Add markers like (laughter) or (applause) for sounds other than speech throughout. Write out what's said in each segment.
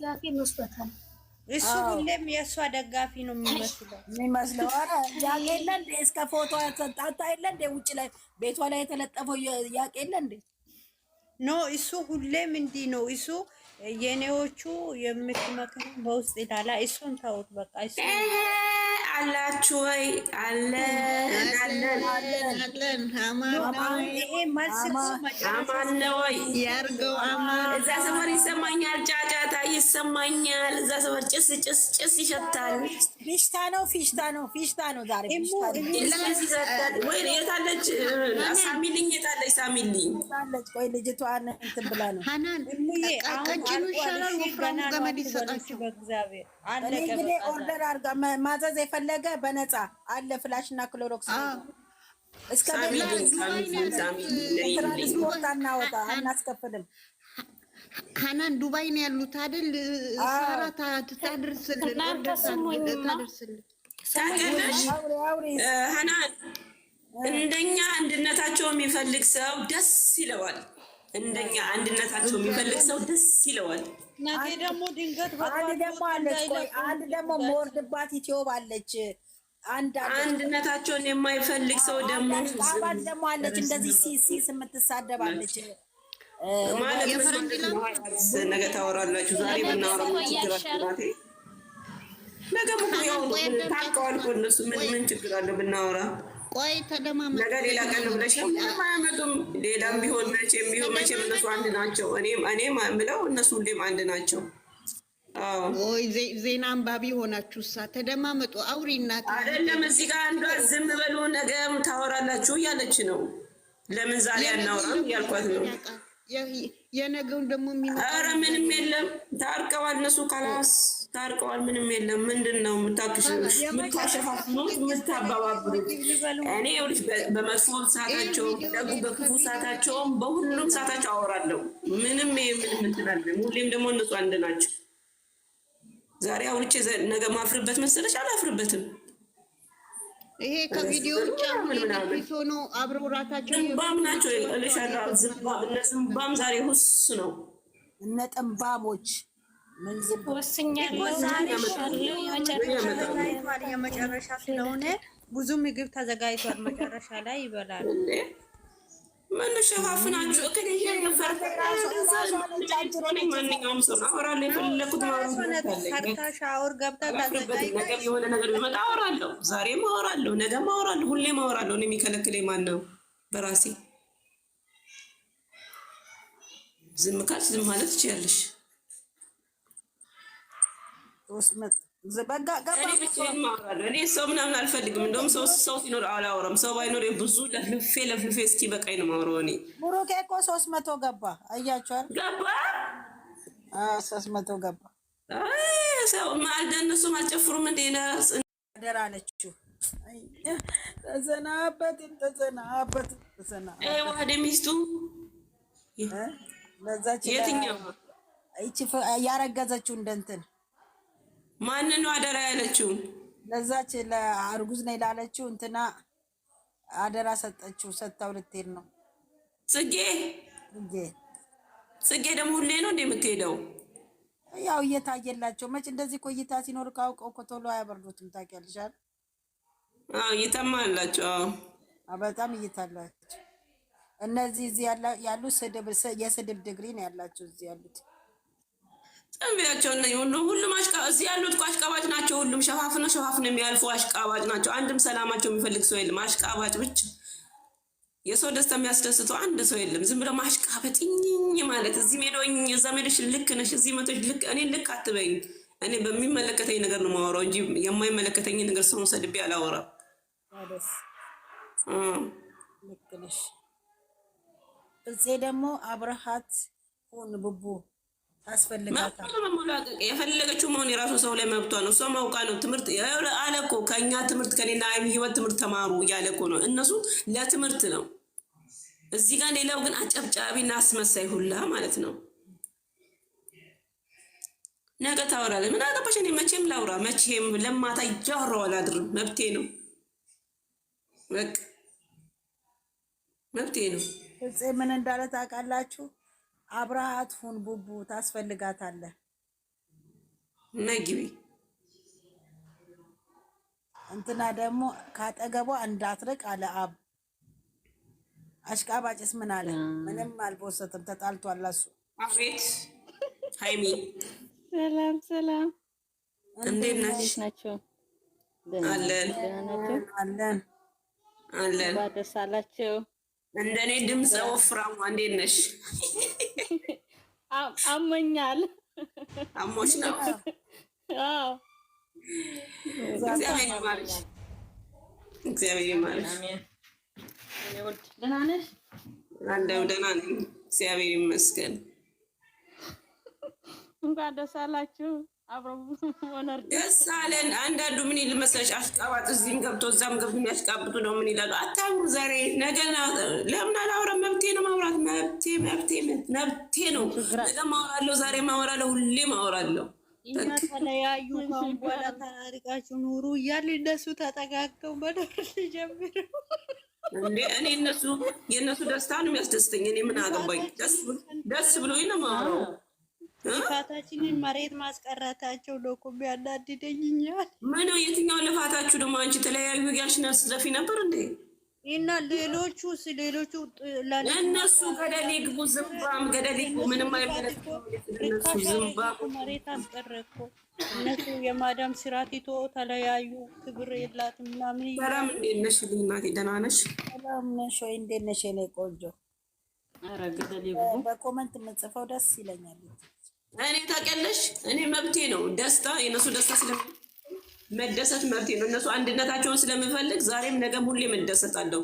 ደጋፊ መስበታል። እሱ ሁሌም የእሷ ደጋፊ ነው የሚመስለው (sniffs) የሚመስለው። ኧረ ያቄ የለ እንዴ እስከ ፎቶ ያሰጣታ የለ እንዴ ውጭ ላይ ቤቷ ላይ የተለጠፈው ያቄ የለ እንዴ ኖ እሱ ሁሌም እንዲህ ነው። እሱ በውስጥ ይላላ። እሱን ተውት በቃ እሱ አላችሁ ወይ? አለን አማን ነው ወይ? እዛ ሰፈር ይሰማኛል፣ ጫጫታ ይሰማኛል። እዛ ሰፈር ጭስ ጭስ ጭስ ይሸታል። ፊሽታ ነው፣ ፊሽታ ነው፣ ፊሽታ ነው ዛሬ ልጅ ሳሚልኝ የታለች? ሳሚልኝ ቆይ ልጅቷ እንትን ብላ ነው። ቀጭኑ ይሻላል ወፍራሙ ገመድ ይሰጣችሁ። እንግዲህ ኦርደር አድርጋ ማዘዝ የፈለገ በነፃ አለ። ፍላሽ እና ክሎሮክስ እስከ ትራንስፖርት አናወጣ አናስከፍልም። ሀናን ዱባይ ነው ያሉት አይደል? ሳራ ታደርስልን ታደርስልን ሀናን እንደኛ አንድነታቸው የሚፈልግ ሰው ደስ ይለዋል። እንደኛ አንድነታቸው የሚፈልግ ሰው ደስ ይለዋል። ነገ ደግሞ ድንገት አንድ ደግሞ አለች፣ ቆይ አንድ ደግሞ መወርድባት ኢትዮብ አለች። አንድነታቸውን የማይፈልግ ሰው ደግሞ አባት ደግሞ አለች። እንደዚህ ሲሲስ የምትሳደባለች ማለት ነገ ታወራላችሁ። ዛሬ ብናወራ ችግራችናቴ ነገ ምክንያቱ ታውቀዋል እነሱ ምን ምን ችግር አለ ብናወራ ቆይ ተደማመጥ ነገ ሌላ ቀን ብለሽ ምንም አያመጡም። ሌላም ቢሆን መቼም ቢሆን መቼም እነሱ አንድ ናቸው። እኔም እኔም ምለው እነሱ ሁሌም አንድ ናቸው። ዜና አንባቢ ሆናችሁ ሳ ተደማመጡ። አውሪ እናት አይደለም እዚህ ጋር አንዷ ዝም በሉ ነገም ታወራላችሁ እያለች ነው። ለምን ዛሬ አናወራም እያልኳት ነው። የነገውን ደግሞ የሚኖ ኧረ ምንም የለም ታርቀዋል እነሱ ካላስ ታርቀዋል። ምንም የለም። ምንድን ነው የምታሸፋፍኑት? የምታባባብሩት? እኔ ይኸውልሽ፣ በመጥፎ ሰዓታቸውም ደጉ በክፉ ሰዓታቸውም በሁሉም ሰዓታቸው አወራለሁ። ምንም ይሄ ምንም እንትን ሁሌም ደግሞ እነሱ አንድ ናቸው። ዛሬ አውርቼ ነገ ማፍርበት መሰለሽ? አላፍርበትም። ይሄ ከቪዲዮ ውጭ ሆኖ አብረው ራሳቸው ዝምባም ናቸው። ልሻ ዝምባም እነ ዝምባም ዛሬ ሁስ ነው እነ ጠምባሞች የመጨረሻ ስለሆነ ብዙ ምግብ ተዘጋጅቷል። መጨረሻ ላይ ይበላል። ምን ሸፋፍናችሁ ማንኛውም ሰው አወራለሁ። የፈለኩት ሻወር ገብታ የሆነ ነገር ቢመጣ አወራለሁ። ዛሬም አወራለሁ፣ ነገም አወራለሁ፣ ሁሌም አወራለሁ። የሚከለክለኝ ማን ነው? በራሴ ዝም ካልሽ ዝም ማለት ትችያለሽ። እኔ ሰው ምናምን አልፈልግም። እንደውም ሰው ሲኖር አላወራም። ሰው ባይኖር ብዙ ለፍልፌ ለፍልፌ እስኪ በቃኝ ነው የማወራው። እኔ እኮ ሶስት መቶ ገባ አያቸዋል ገባ ሶስት መቶ ገባ። ሰው አልጨፍሩም እንደ አለችው። ተዘናበት ሚስቱ የትኛው ያረገዘችው እንደንትን ማንን ነው አደራ ያለችው? ለዛች ለአርጉዝ ነው ላለችው እንትና አደራ ሰጠችው። ሰጣው ልትሄድ ነው። ጽጌ ጽጌ ጽጌ ደግሞ ሁሌ ነው እንደ የምትሄደው ያው እየታየላቸው መች እንደዚህ ቆይታ ሲኖር ካውቀው እኮ ቶሎ አያበርዱትም። ታውቂያለሽ አይደል? አዎ እይታማ አላቸው። በጣም እይታ አላቸው። እነዚህ እዚህ ያሉ ስድብ የስድብ ድግሪ ነው ያላቸው እዚህ ያሉት እንቢያቸው እና የሆነ ሁሉም እዚህ ያሉት እኮ አሽቃባጭ ናቸው። ሁሉም ሸፋፍነው ሸፋፍነው የሚያልፉ አሽቃባጭ ናቸው። አንድም ሰላማቸው የሚፈልግ ሰው የለም። አሽቃባጭ ብቻ የሰው ደስታ የሚያስደስተው አንድ ሰው የለም። ዝም ብለው ማሽቃበጥኝ ማለት እዚህ ሜዶኝ እዛ ሜዶች ልክ ነሽ፣ እዚህ መቶች ልክ እኔ ልክ አትበይኝ። እኔ በሚመለከተኝ ነገር ነው የማወራው እንጂ የማይመለከተኝ ነገር ሰው ሰድቤ አላወራም። እዚህ ደግሞ አብረሃት ሁን ብቡ የፈለገችው መሆን የራሱ ሰው ላይ መብቷ ነው። እሷ ማውቃ ነው። ትምህርት አለ እኮ ከእኛ ትምህርት ከኔና አይሚ ህይወት ትምህርት ተማሩ እያለ እኮ ነው። እነሱ ለትምህርት ነው እዚህ ጋር። ሌላው ግን አጨብጫቢና አስመሳይ ሁላ ማለት ነው። ነገ ታወራለህ። ምን አገባሽ? እኔ መቼም ላውራ መቼም ለማታ እያወራሁ አላድርም። መብቴ ነው፣ በቃ መብቴ ነው። ምን እንዳለ ታውቃላችሁ? አብረሃት ሁን ቡቡ ታስፈልጋታለህ። ነግቢ እንትና ደግሞ ካጠገቧ እንዳትርቅ አለ አብ። አሽቃባጭስ ምን አለ? ምንም አልቦሰትም። ተጣልቷል እሱ። አቤት ሃይሚ ሰላም ሰላም፣ እንዴት ናችሁ? አለን አለን አለን። ደስ አላችሁ? እንደኔ ድምፅ ወፍራሙ እንዴት ነሽ? አመኛል። አሞች ነው እግዚአብሔር ይማርሽ። ደህና ነሽ? አንደው ደህና ነኝ፣ እግዚአብሔር ይመስገን። እንኳን ደስ አላችሁ። ደስ አለን። አንዳንዱ ምን ይል መሰለሽ አሽቃባጭ እዚህም ገብቶ እዛም ገብቶ የሚያሽቃብጡ ነው። ምን ይላሉ? አታውሩ ዛሬ ነገ ለምን አላወራም? መብቴ ነው ማውራት። መብቴ መብቴ መብቴ ነው። ነገ ማወራለሁ፣ ዛሬ ማወራለሁ፣ ሁሌ ማወራለሁ። እና ተለያዩ ከአሁን በኋላ ተራርቃችሁ ኑሩ እያል እነሱ ተጠጋግተው መኖር ጀምሩ። እንዴ እኔ እነሱ የእነሱ ደስታ ነው የሚያስደስተኝ። እኔ ምን አገባኝ? ደስ ብሎኝ ነው ማውራው ልፋታችንን መሬት ማስቀረታቸው ለኩም ያናድደኝኛል። ምን የትኛው ልፋታችሁ ደግሞ? አንቺ ተለያዩ ያልሽና ዘፊ ነበር እንዴ? እና ሌሎቹ ሌሎቹ እነሱ ገደል ግቡ፣ ዝምባም ገደል ግቡ። ምንም መሬት እነሱ የማዳም ስራት ይቶ ተለያዩ። ክብር የላት ምናምን። ሰላም እንዴት ነሽ? ልናት ደህና ነሽ? ሰላም ነሽ ወይ? እንዴት ነሽ? የኔ ቆንጆ በኮመንት የምጽፈው ደስ ይለኛል። እኔ ታውቂያለሽ፣ እኔ መብቴ ነው ደስታ፣ የነሱ ደስታ ስለመደሰት መደሰት መብቴ ነው። እነሱ አንድነታቸውን ስለምፈልግ ዛሬም ነገም ሁሌም እደሰታለሁ።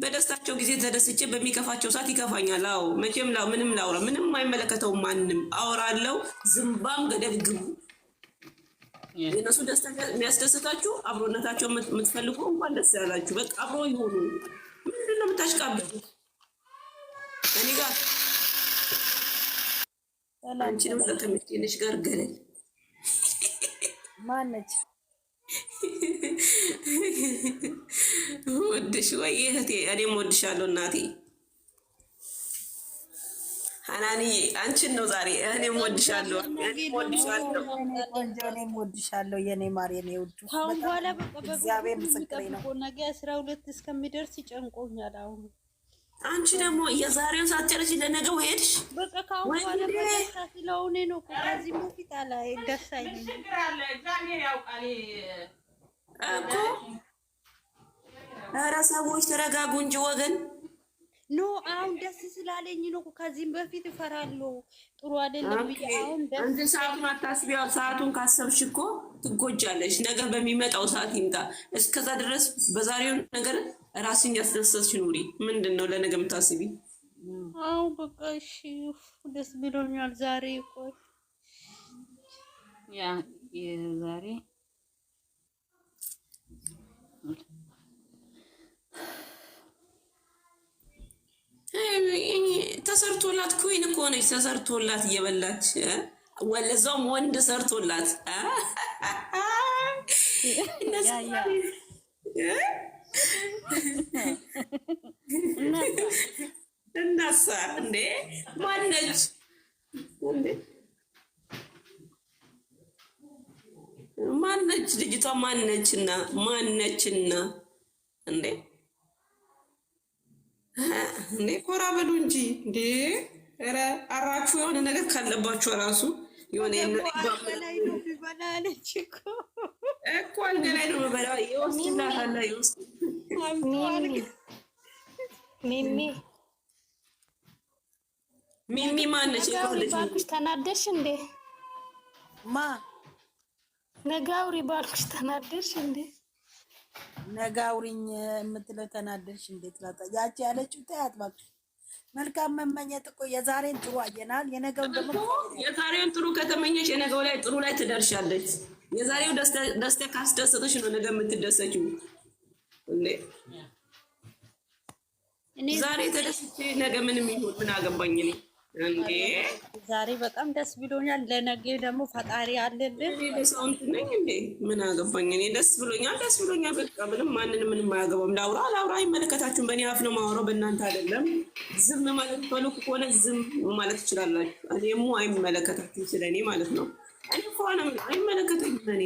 በደስታቸው ጊዜ ተደስቼ በሚከፋቸው ሰዓት ይከፋኛል። አዎ መቼም ላው ምንም ላውራ ምንም አይመለከተው ማንም አወራለው። ዝምባም ገደል ግቡ። የእነሱ ደስታ የሚያስደስታችሁ አብሮነታቸው የምትፈልጉ እንኳን ደስ ያላችሁ። በቃ አብሮ ይሆኑ። ምንድን ነው የምታሽቃብጡት እኔ ጋር አንቺንም ከተመቼነሽ ጋር ገለል ማነች ወድሽ ወይ እህቴ፣ እኔም ወድሻለሁ እናቴ ሀናንዬ፣ አንቺን ነው ዛሬ። እኔም ወድሻለሁ፣ እኔም ወድሻለሁ የኔ ማር የኔ ውድ። ከአሁን በኋላ በቃ በእግዚአብሔር ምስክሬ ነው። ነገ አስራ ሁለት እስከሚደርስ ይጨንቆኛል አሁን አንቺ ደግሞ የዛሬውን ሳትጨርሺ ለነገው ሄድሽ። በቃ ካሁን በኋላ በደስታ ስለሆነ ነው። ከዚህም በፊት አላ ደስ እኮ። ኧረ ሰዎች ተረጋጉ እንጂ ወገን ኖ አሁን ደስ ስላለኝ ነው። ከዚህም በፊት እፈራለሁ ጥሩ አይደለም ብዬ አንድ ሰዓቱን አታስቢያ። ሰዓቱን ካሰብሽ እኮ ትጎጃለሽ። ነገር በሚመጣው ሰዓት ይምጣ። እስከዛ ድረስ በዛሬው ነገር ራስን ያስደሰትሽ ኑሪ። ምንድን ነው ለነገ የምታስቢ? አዎ በቃ እሺ፣ ደስ ብሎኛል። ዛሬ ቆይ ያ ዛሬ ተሰርቶላት ኮይን እኮ ነች። ተሰርቶላት እየበላች ወለዛውም ወንድ ሰርቶላት እናሳ እንዴ ማነች ማነች ልጅቷ ማነችና ማነችና እንዴ እኔ ኮራ በሉ እንጂ እንዴ! ኧረ አራችሁ የሆነ ነገር ካለባችሁ ራሱ የሆነ እኮ አልጋ ላይ ነው በላ ይወስድላታል። ሚሚ ሚሚ ማነች? ባልኩሽ ተናደሽ እንዴ? ማ ነጋውሪ ባልኩሽ ተናደሽ እንዴ? ነገ አውሪኝ የምትለው ተናደድሽ። እንዴት ላጣ ያቺ ያለችው ታያት እባክሽ። መልካም መመኘት እኮ የዛሬን ጥሩ አየናል፣ የነገው ደግሞ የዛሬውን ጥሩ ከተመኘች የነገው ላይ ጥሩ ላይ ትደርሻለች። የዛሬው ደስታ ካስደሰተሽ ነው ነገ የምትደሰችው። ዛሬ ተደስቼ ነገ ምንም ይሁን ምን አገባኝ እኔ እንዴ ዛሬ በጣም ደስ ብሎኛል። ለነገ ደግሞ ፈጣሪ አለልን። ሰውንት ነኝ እንዴ ምን አገባኝ እኔ። ደስ ብሎኛል፣ ደስ ብሎኛል። በቃ ምንም ማንን ምንም አያገባም። ላውራ ላውራ፣ አይመለከታችሁም። በእኔ አፍ ነው ማውራው፣ በእናንተ አይደለም። ዝም ማለት ፈሉ ከሆነ ዝም ማለት ትችላላችሁ። እኔ አይመለከታችሁም፣ ስለ እኔ ማለት ነው። እኔ ከሆነ አይመለከተኝም እኔ